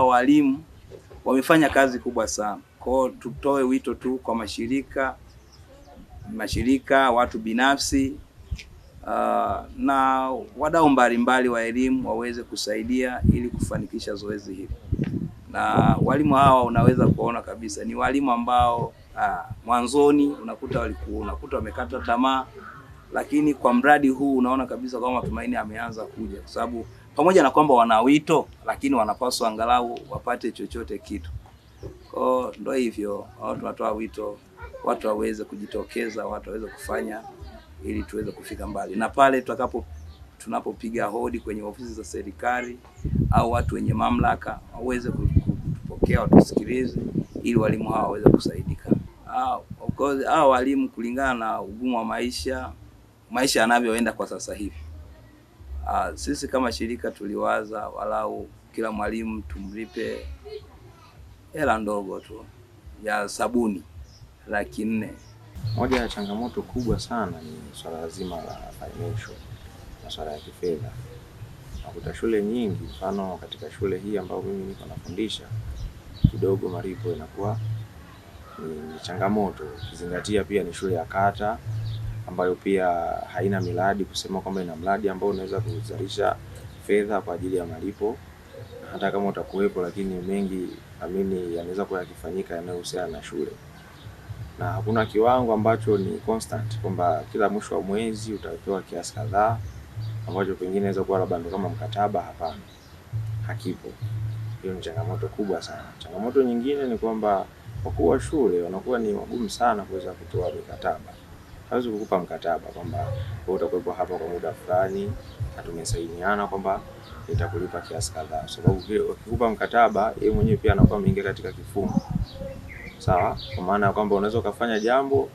walimu wamefanya kazi kubwa sana. Kwa hiyo tutoe wito tu kwa mashirika mashirika, watu binafsi uh, na wadau mbalimbali wa elimu waweze kusaidia ili kufanikisha zoezi hili. Na walimu hawa unaweza kuona kabisa ni walimu ambao uh, mwanzoni unakuta walikuwa unakuta wamekata tamaa, lakini kwa mradi huu unaona kabisa kwamba matumaini yameanza kuja kwa sababu pamoja na kwamba wana wito, lakini wanapaswa angalau wapate chochote kitu. Kwa ndo hivyo tunatoa wito watu waweze kujitokeza, watu waweze kufanya ili tuweze kufika mbali, na pale tutakapo tunapopiga hodi kwenye ofisi za serikali au watu wenye mamlaka waweze kutupokea, watusikilize ili walimu hawa waweze kusaidika. Hawa walimu kulingana na ugumu wa maisha, maisha yanavyoenda kwa sasa hivi Uh, sisi kama shirika tuliwaza walau kila mwalimu tumlipe hela ndogo tu ya sabuni laki nne. Moja ya changamoto kubwa sana ni swala zima la financial, masuala ya kifedha. Nakuta shule nyingi, mfano katika shule hii ambayo mimi niko nafundisha, kidogo maripo inakuwa ni changamoto, ukizingatia pia ni shule ya kata ambayo pia haina miradi kusema kwamba ina mradi ambao unaweza kuzalisha fedha kwa ajili ya malipo, hata kama utakuwepo, lakini mengi amini yanaweza kuwa yakifanyika yanayohusiana na shule, na hakuna kiwango ambacho ni constant kwamba kila mwisho wa mwezi utapewa kiasi kadhaa ambacho pengine inaweza kuwa labda kama mkataba. Hapana, hakipo. Hiyo ni changamoto kubwa sana. Changamoto nyingine ni kwamba wakuu wa shule wanakuwa ni wagumu sana kuweza kutoa mikataba hawezi kukupa mkataba kwamba wewe utakuwepo hapa kwa muda fulani na tumesainiana kwamba nitakulipa kiasi kadhaa, sababu so, ukikupa mkataba yeye mwenyewe pia anakuwa ameingia katika kifungo. Sawa, kwa maana ya kwamba unaweza ukafanya jambo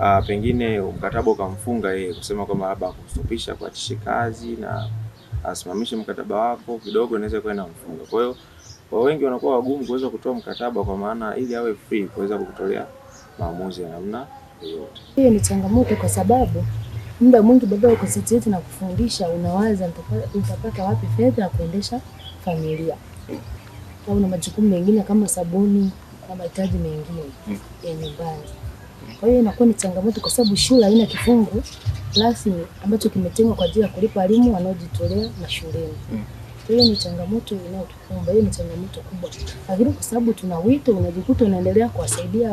aa, ah, pengine mkataba ukamfunga yeye kusema kwamba labda akustopisha kuachishe kazi na asimamishe mkataba wako kidogo, inaweza kuwa inamfunga. Kwa hiyo kwa wengi wanakuwa wagumu kuweza kutoa mkataba, kwa maana ili awe free kuweza kukutolea maamuzi ya namna yoyote. Hiyo ni changamoto kwa sababu muda mwingi baba ukosetieti na kufundisha, unawaza utapata wapi fedha ya kuendesha familia au na majukumu mengine kama sabuni na mahitaji mengine mm. ya nyumbani. Kwa hiyo inakuwa ni changamoto kwa sababu shule haina kifungu rasmi ambacho kimetengwa kwa ajili ya kulipa walimu wanaojitolea na mashuleni. Kwa hiyo ni changamoto inayotukumba, hiyo ni changamoto kubwa, lakini kwa sababu tuna wito, unajikuta unaendelea kuwasaidia